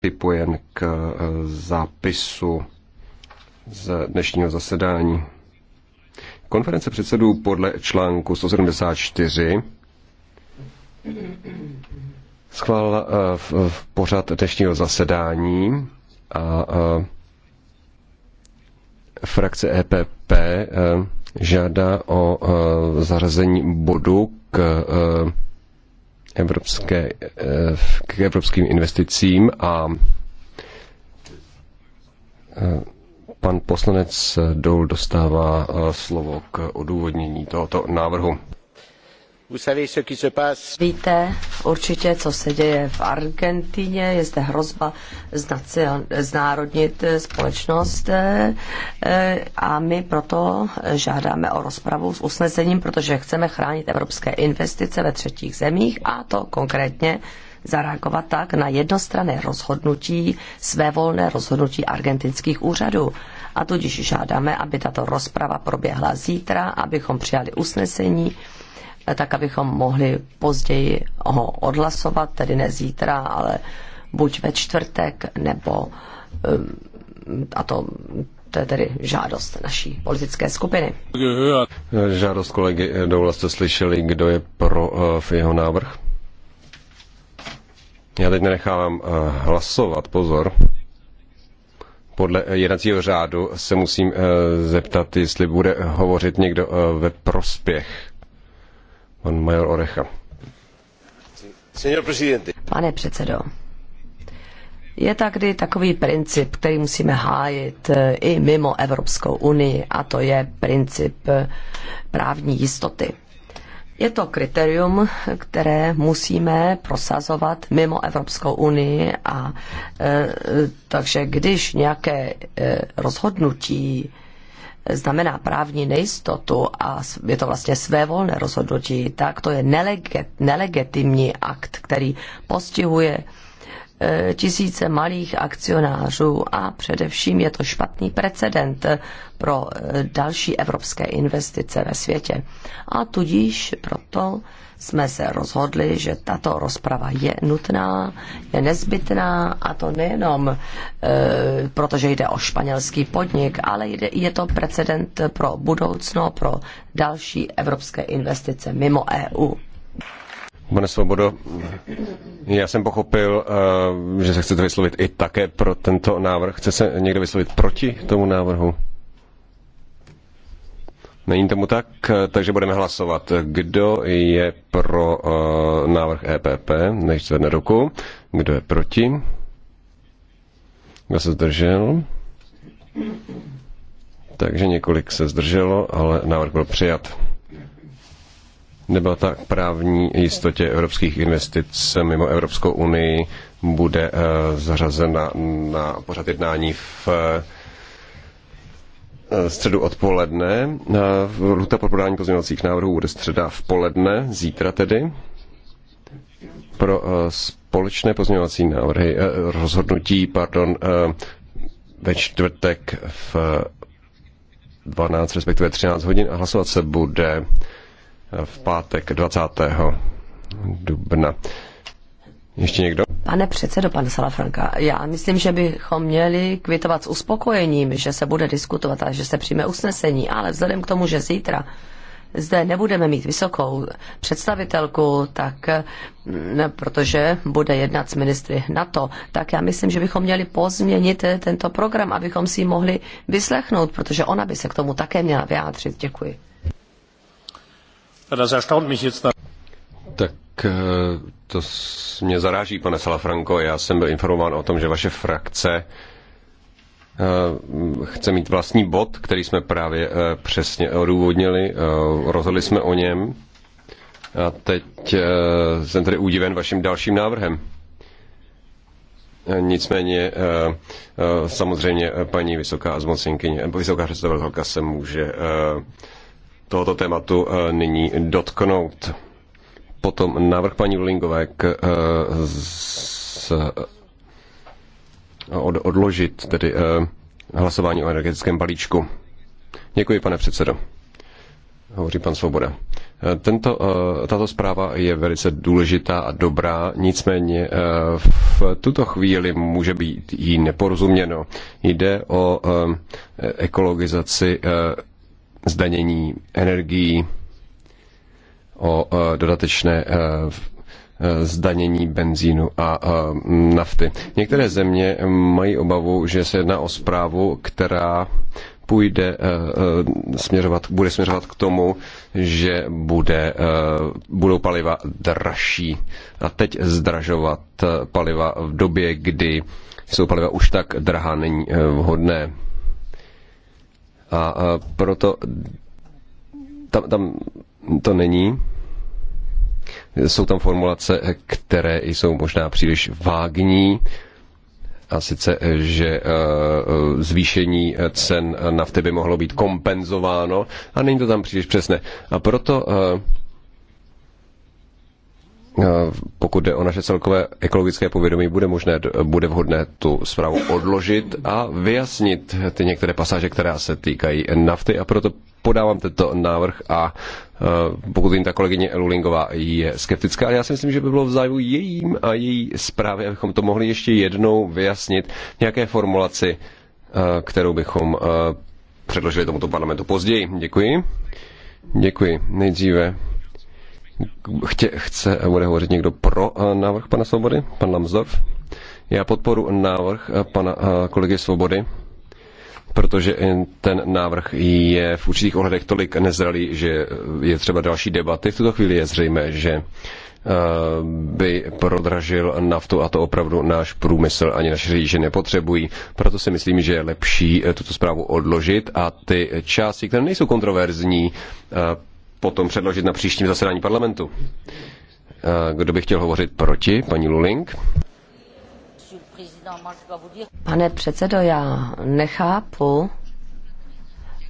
připojen k eh, zápisu z dnešního zasedání. Konference předsedů podle článku 174 schválila eh, v, v pořad dnešního zasedání a, a eh, frakce EPP žádá o zařazení bodu k evropské, eh, k evropským investicím a eh, pan poslanec Doul dostává eh, slovo k odůvodnění tohoto návrhu. Víte určitě, co se děje v Argentině. Je zde hrozba znárodnit společnost eh, eh, a my proto žádáme o rozpravu s usnesením, protože chceme chránit evropské investice ve třetích zemích a to konkrétně zareagovat tak na jednostranné rozhodnutí, svévolné rozhodnutí argentinských úřadů. A tudíž žádáme, aby tato rozprava proběhla zítra, abychom přijali usnesení, tak abychom mohli později ho odhlasovat, tedy ne zítra, ale buď ve čtvrtek, nebo um, a to, to je tedy žádost naší politické skupiny. Žádost kolegy Doula jste slyšeli, kdo je pro uh, v jeho návrh? Já teď nenechávám uh, hlasovat, pozor podle jednacího řádu se musím uh, zeptat, jestli bude hovořit někdo ve prospěch Pan major Orecha. Pane předsedo, je tady takový princip, který musíme hájit eh, i mimo Evropskou unii, a to je princip eh, právní jistoty. Je to kritérium, které musíme prosazovat mimo Evropskou unii a e, takže když nějaké e, rozhodnutí e, znamená právní nejistotu a je to vlastně svévolné rozhodnutí, tak to je nelegitimní akt, který postihuje tisíce malých akcionářů a především je to špatný precedent pro eh, další evropské investice ve světě. A tudíž proto jsme se rozhodli, že tato rozprava je nutná, je nezbytná a to nejenom e, protože jde o španělský podnik, ale jde, je to precedent pro budoucno, pro další evropské investice mimo EU. Pane Svobodo, já jsem pochopil, eh, že se chcete vyslovit i také pro tento návrh. Chce se někdo vyslovit proti tomu návrhu? Není tomu tak, eh, takže budeme hlasovat. Kdo je pro eh, návrh EPP, než zvedne ruku? Kdo je proti? Kdo se zdržel? Takže několik se zdrželo, ale návrh byl přijat debata k právní jistotě evropských investic mimo Evropskou unii bude eh, zařazena na pořad jednání v eh, středu odpoledne. Eh, lhuta pro podání pozměňovacích návrhů bude středa v poledne, zítra tedy. Pro společné pozměňovací návrhy, rozhodnutí, pardon, ve čtvrtek v 12, respektive 13 hodin a hlasovat se bude v pátek 20. dubna. Ještě někdo? Pane předsedo, pan Salafranka, já myslím, že bychom měli kvitovat s uspokojením, že se bude diskutovat a že se přijme usnesení, ale vzhledem k tomu, že zítra zde nebudeme mít vysokou představitelku, tak mm, protože bude jednat s ministry NATO, tak já myslím, že bychom měli pozměnit eh, tento program, abychom si ji mohli vyslechnout, protože ona by se k tomu také měla vyjádřit. Děkuji. Tak eh, to mě zaráží, pane Salafranco. Já jsem byl informován o tom, že vaše frakce eh, chce mít vlastní bod, který jsme právě eh, přesně odůvodnili. Rozhodli jsme o něm. A teď jsem tedy údiven vaším dalším návrhem. Nicméně samozřejmě paní vysoká zmocenkyně, vysoká představitelka se může tohoto tématu eh, nyní dotknout. Potom návrh paní Lulingové k z, eh, eh, od, odložit tedy hlasování o energetickém balíčku. Děkuji, pane předsedo. Hovoří pan Svoboda. Tento, tato zpráva je velice důležitá a dobrá, nicméně v tuto chvíli může být jí neporozuměno. Jde o ekologizaci zdanění energií, o e, dodatečné e, e, zdanění benzínu a nafty. Některé země mají obavu, že se jedná o zprávu, která půjde směřovat, bude směřovat k tomu, že bude, budou paliva dražší. A teď zdražovat paliva v době, kdy jsou paliva už tak drahá, není vhodné. A proto tam, tam to není. Jsou tam formulace, které jsou možná příliš vágní, a sice, že e, e, zvýšení cen nafty by mohlo být kompenzováno a není to tam příliš přesné. A proto e, Eh, pokud jde o naše celkové ekologické povědomí, bude, možné, bude vhodné tu zprávu odložit a vyjasnit ty některé pasáže, které se týkají nafty a proto podávám tento návrh a eh, pokud jim ta kolegyně Elulingová je skeptická, ale já si myslím, že by bylo v zájmu jejím a její zprávy, abychom to mohli ještě jednou vyjasnit nějaké formulaci, eh, kterou bychom předložili tomuto parlamentu později. Děkuji. Děkuji. Nejdříve Chtě, chce, bude hovořit někdo pro eh, návrh pana Svobody? Pan Lamsdorf? Já podporu návrh eh, pana eh, kolegy Svobody, protože ten návrh je v určitých ohledech tolik nezralý, že je třeba další debaty. V tuto chvíli je zřejmé, že by prodražil naftu a to opravdu náš průmysl ani naše řidiče nepotřebují. Proto si myslím, že je lepší tuto zprávu odložit a ty části, které nejsou kontroverzní, potom předložit na příštím zasedání parlamentu. Eh, kdo by chtěl hovořit proti? Paní Luling. Pane předsedo, já nechápu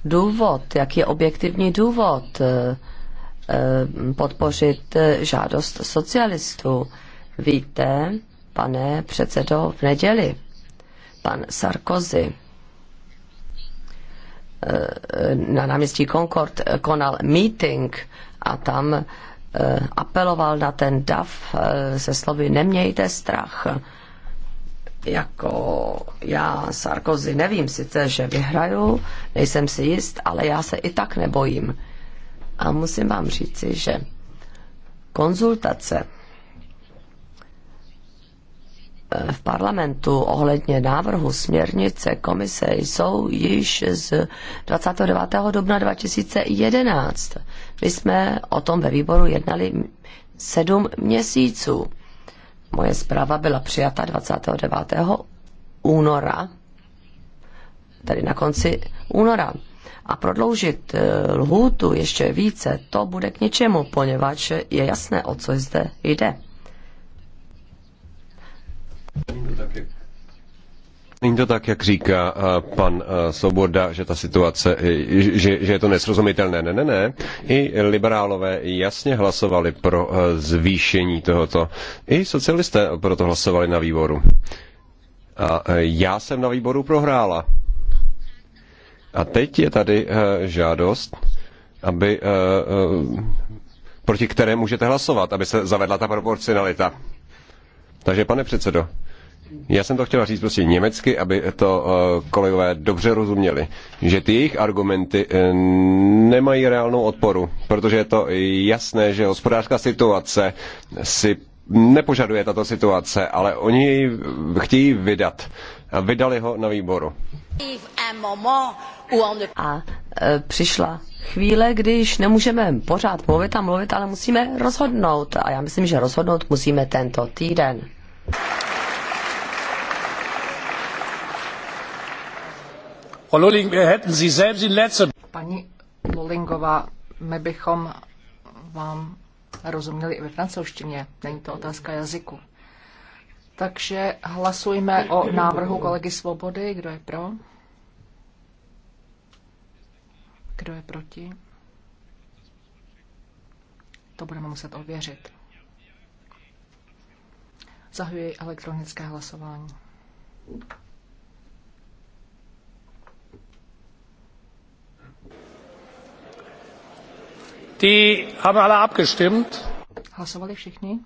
důvod, jaký je objektivní důvod eh, eh, podpořit žádost socialistů. Víte, pane předsedo, v neděli pan Sarkozy Eh, na náměstí Concord eh, konal meeting a tam eh, apeloval na ten DAF se slovy nemějte strach. Jako já, Sarkozy, nevím sice, že vyhraju, nejsem si jist, ale já se i tak nebojím. A musím vám říci, že konzultace v parlamentu ohledně návrhu směrnice komise jsou již z 29. dubna 2011. My jsme o tom ve výboru jednali sedm měsíců. Moje zpráva byla přijata 29. února, tedy na konci února. A prodloužit eh, lhůtu ještě více, to bude k něčemu, poněvadž je jasné, o co zde jde. Není to tak, jak říká eh, pan eh, Svoboda, že ta situace, eh, že, že je to nesrozumitelné. Ne, ne, ne. I liberálové jasně hlasovali pro zvýšení tohoto. I socialisté proto hlasovali na výboru. A já jsem na výboru prohrála. A teď je tady žádost, aby proti které můžete hlasovat, aby se zavedla ta proporcionalita. Takže pane předsedo, já jsem to chtěla říct prostě německy, aby to eh, kolegové dobře rozuměli, že ty jejich argumenty eh, nemají reálnou odporu, protože je to jasné, že hospodářská situace si nepožaduje tato situace, ale oni ji chtějí vydat. A vydali ho na výboru. A eh, přišla chvíle, když nemůžeme pořád mluvit a mluvit, ale musíme rozhodnout. A já myslím, že rozhodnout musíme tento týden. Paní Lullingová, my bychom vám rozuměli i ve francouzštině. Není to otázka jazyku. Takže hlasujme o návrhu kolegy Svobody. Kdo je pro? Kdo je proti? To budeme muset ověřit. Zahajuji elektronické hlasování. Die haben alle abgestimmt. Hlasovali všichni?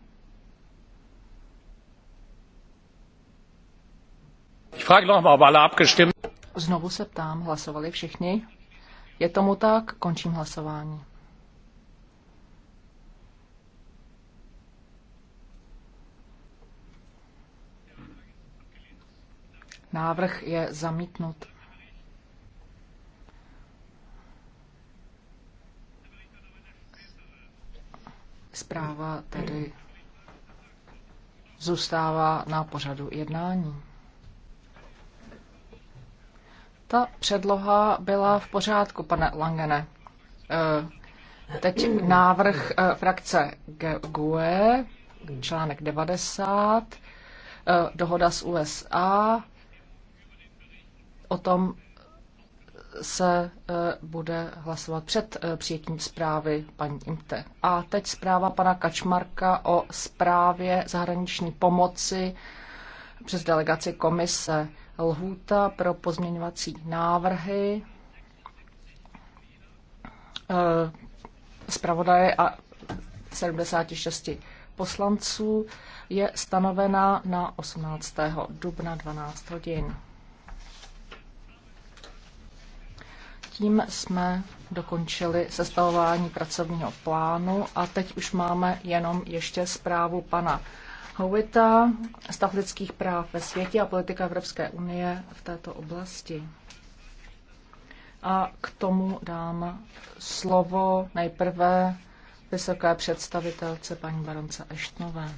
Ich frage noch ob alle abgestimmt. Znovu se ptám, hlasovali všichni? Je tomu tak, končím hlasování. Návrh je zamítnut. zpráva tedy zůstává na pořadu jednání. Ta předloha byla v pořádku, pane Langene. Eh, teď návrh eh, frakce GUE, článek 90, eh, dohoda s USA o tom, se e, bude hlasovat před e, přijetím zprávy paní Imte. A teď zpráva pana Kačmarka o zprávě zahraniční pomoci přes delegaci komise. Lhůta pro pozměňovací návrhy e, zpravodaje a 76 poslanců je stanovena na 18. dubna 12 hodin. tím jsme dokončili sestavování pracovního plánu a teď už máme jenom ještě zprávu pana Howita, stav lidských práv ve světě a politika Evropské unie v této oblasti. A k tomu dám slovo nejprve vysoké představitelce paní baronce Eštnové.